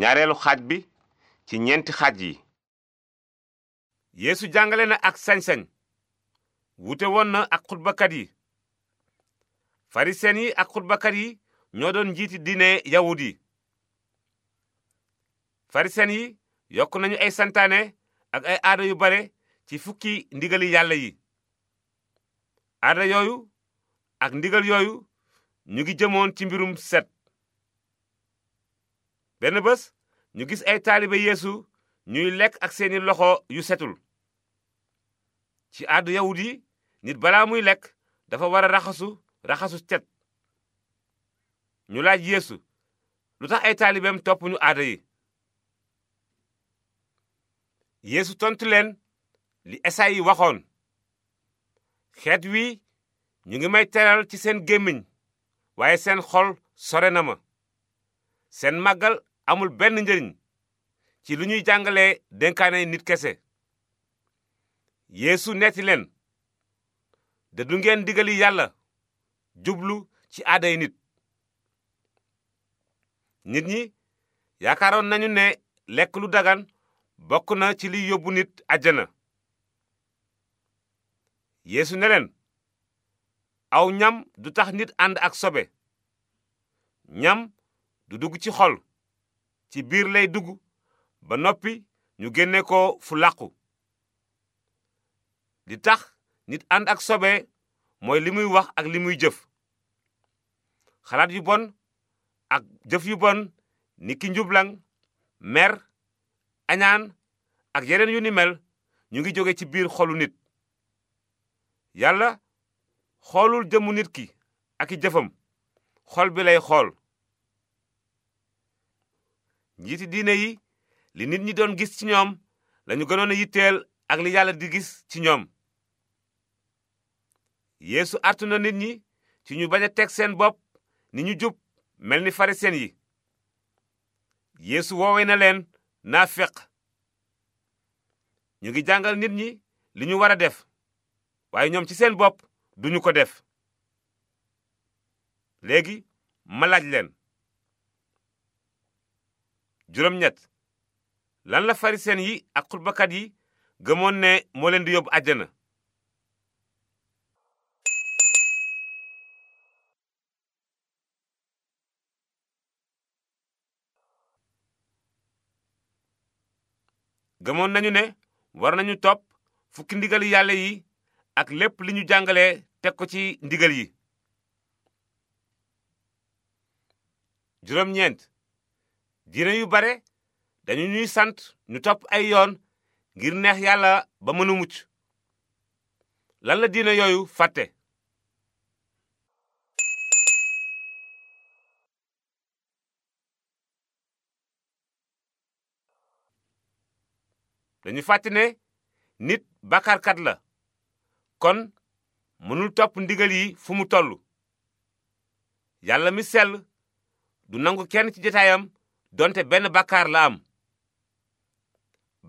ñaareelu xaaj bi ci ñeenti xaaj yi yeesu jàngale na ak sañ-sañ wute woon na ak xutbakat yi fariseen yi ak xutbakat yi ñoo doon njiiti dine yawut yi fariseen yi yokk nañu ay santaane ak ay aada yu bare ci fukki ndigali yàlla yi aada yooyu ak ndigal yooyu ñu ngi jëmoon ci mbirum set benn bés ñu gis ay taalibe yéesu ñuy lekk ak seeni loxo yu setul ci aadu yawut yi nit balaa muy lekk dafa war a raxasu raxasu cet ñu laaj yéesu lu tax ay taalibeem topp ñu aada yi yéesu tontu leen li esayi waxoon xeet wi ñu ngi may teral ci seen gémmiñ waaye seen xol sore na ma seen màggal amul benn njëriñ ci lu ñuy jàngalee dénkaane nit kese yéesu netti leen da du ngeen digali yàlla jublu ci aaday nit nit ñi yaakaaroon nañu ne lekk lu dagan bokk na ci li yóbbu nit àjjana yéesu ne leen aw ñam du tax nit ànd ak sobe ñam du dugg ci xol ci biir lay dugg ba noppi ñu génne ko fu làqu li tax nit ànd ak sobe mooy li muy wax ak li muy jëf xalaat yu bon ak jëf yu bon ni ki njublan mer añaan ak yeneen yu ni mel ñu ngi jóge ci biir xolu nit yàlla xoolul jëmu nit ki ak i jëfam xol bi lay xool njiiti diine yi li nit ñi doon gis ci ñoom lañu gënoon a yitteel ak li yàlla di gis ci ñoom yéesu artu na nit ñi ci ñu bañ a teg seen bopp ni ñu jub mel ni farisen yi yéesu woowe na leen naaféq ñu ngi jàngal nit ñi li ñu war a def waaye ñoom ci seen bopp duñu ko def léegi ma laaj leen juróom ñett lan la farisen yi ak xutbakat yi gëmoon ne moo leen di yóbbu àjjana gëmoon nañu ne war nañu topp fukki ndigal yàlla yi ak lépp li ñu jàngale teg ko ci ndigal yi juróom diine yu bare dañu ñuy sant ñu topp ay yoon ngir neex yàlla ba mënu mucc lan la diine yooyu fatte dañu fàtte ne nit bàkkaarkat la kon mënul topp ndigal yi fu mu toll yàlla mi sell du nangu kenn ci jotaayam donte benn bakkaar la am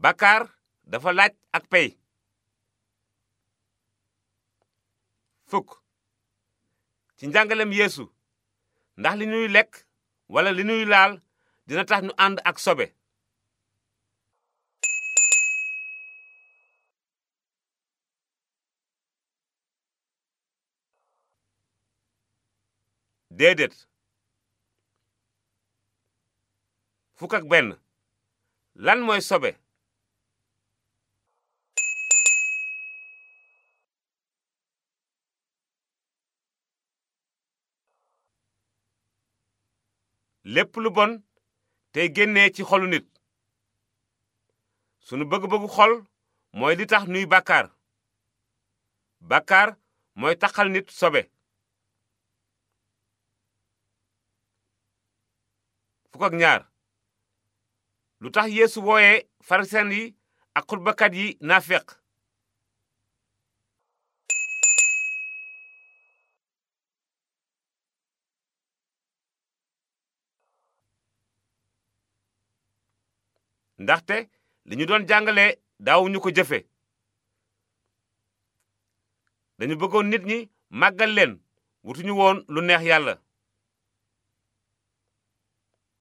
bakkaar dafa laaj ak pey fukk ci njàngalem yéesu ndax li nuy lekk wala li nuy laal dina tax nu ànd ak sobe déedéet fukk ak benn lan mooy sobe lépp lu bon tey génnee ci xolu nit sunu bëgg-bëggu xol mooy li tax nuy bàkkaar bàkkaar mooy taxal nit sobe fukk lu tax yeesu wooyee farisen yi ak xutbakat yi naafeq ndaxte li ñu doon jàngale daawuñu ko jëfe dañu bëggoon nit ñi màggal leen wutuñu woon lu neex yàlla